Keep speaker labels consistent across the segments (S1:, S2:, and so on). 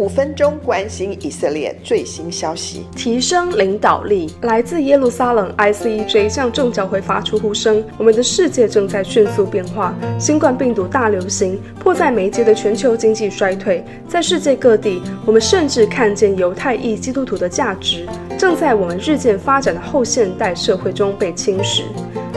S1: 五分鐘關心以色列最新消息，提升領導力。來自耶路撒冷 ICEJ 向眾教會發出呼聲：我們的世界正在迅速變化，新冠病毒大流行迫在眉睫的全球經濟衰退，在世界各地，我們甚至看見猶太裔基督徒的價值正在我們日漸發展的後現代社會中被侵蝕。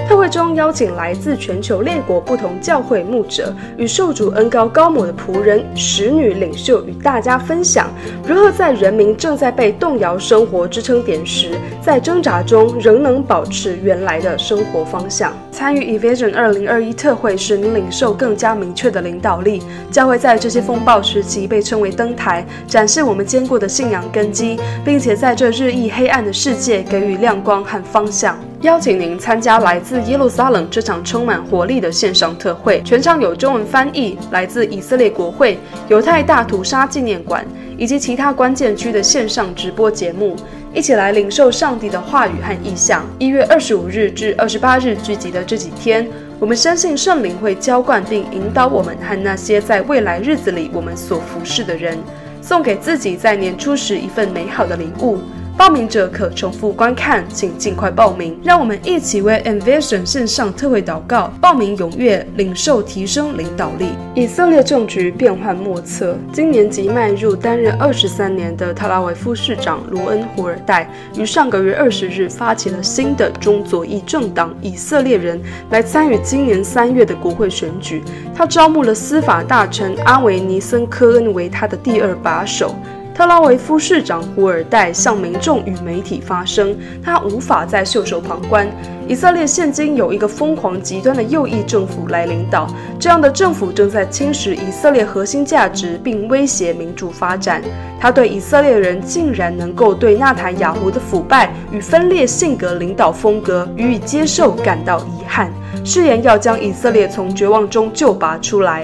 S1: 特會中邀請來自全球列國不同教會牧者與受主恩膏膏抹的僕人、使女領袖與大家分享，如何在人民正在被動搖生活支撐點時，在掙扎中仍能保持原來的生活方向。參與 Envision 2021特會，使您領受更加明確的領導力。教會在這些風暴時期被稱為燈台，展示我們堅固的信仰根基，並且在這日益黑暗的世界給予亮光和方向。邀請您參加來自耶路撒冷這場充滿活力的線上特會，全場有中文翻譯，來自以色列國會、猶太大屠殺紀念館以及其他關鍵區的線上直播節目，一起來領受上帝的話語和異象。一月二十五日至二十八日聚集的這幾天，我們深信聖靈會澆灌並引導我們和那些在未來日子裡我們所服侍的人，送給自己在年初時一份美好的禮物。報名者可重複觀看，請盡快報名。讓我們一起為 Envision 線上特會禱告。報名踴躍，領受提升領導力。以色列政局變幻莫測，今年即邁入擔任二十三年的特拉維夫市長羅恩·胡爾代於上個月二十日發起了新的中左翼政黨“以色列人”來參與今年三月的國會選舉。他招募了司法大臣阿維·尼森科恩為他的第二把手。特拉維夫市長胡爾代向民眾與媒體發聲，他無法再袖手旁觀。以色列現今有一個瘋狂極端的右翼政府來領導，這樣的政府正在侵蝕以色列核心價值，並威脅民主發展。他對以色列人竟然能夠對納坦雅胡的腐敗與分裂性格領導風格予以接受感到遺憾，誓言要將以色列從絕望中救拔出來。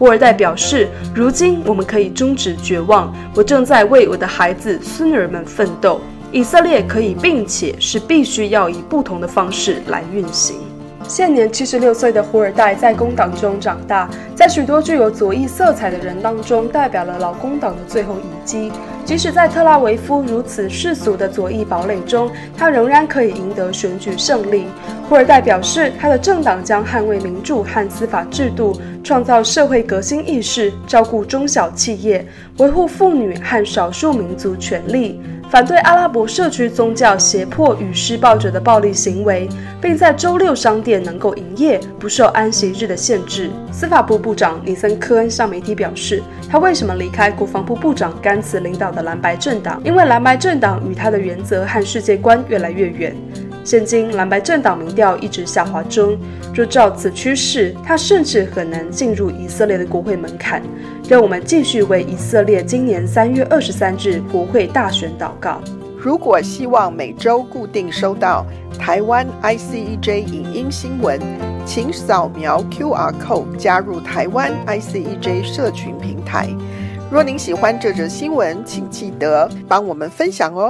S1: 胡爾代表示：“如今我們可以終止絕望。我正在為我的孩子、孫女們奮鬥。以色列可以，並且是必須要以不同的方式來運行。”現年七十六歲的胡爾代在工黨中長大，在許多具有左翼色彩的人當中，代表了老工黨的最後遺跡。即使在特拉維夫如此世俗的左翼堡壘中，他仍然可以贏得選舉勝利。胡爾代表示，他的政黨將捍衛民主和司法制度，創造社會革新意識，照顧中小企業，維護婦女和少數民族權利。反對阿拉伯社區宗教脅迫與施暴者的暴力行為，並在週六商店能夠營業，不受安息日的限制。司法部部長尼森科恩向媒體表示，他為什麼離開國防部部長甘茨領導的藍白政黨，因為藍白政黨與他的原則和世界觀越來越遠。現今，藍白政黨民調一直下滑中，若照此趨勢，他甚至很難進入以色列的國會門檻。讓我們繼續為以色列今年三月二十三日國會大選禱告。如果希望每周固定收到台灣 ICEJ 影音新聞，請掃描 QR Code 加入台灣 ICEJ 社群平台。若您喜歡這則新聞，請記得幫我們分享哦。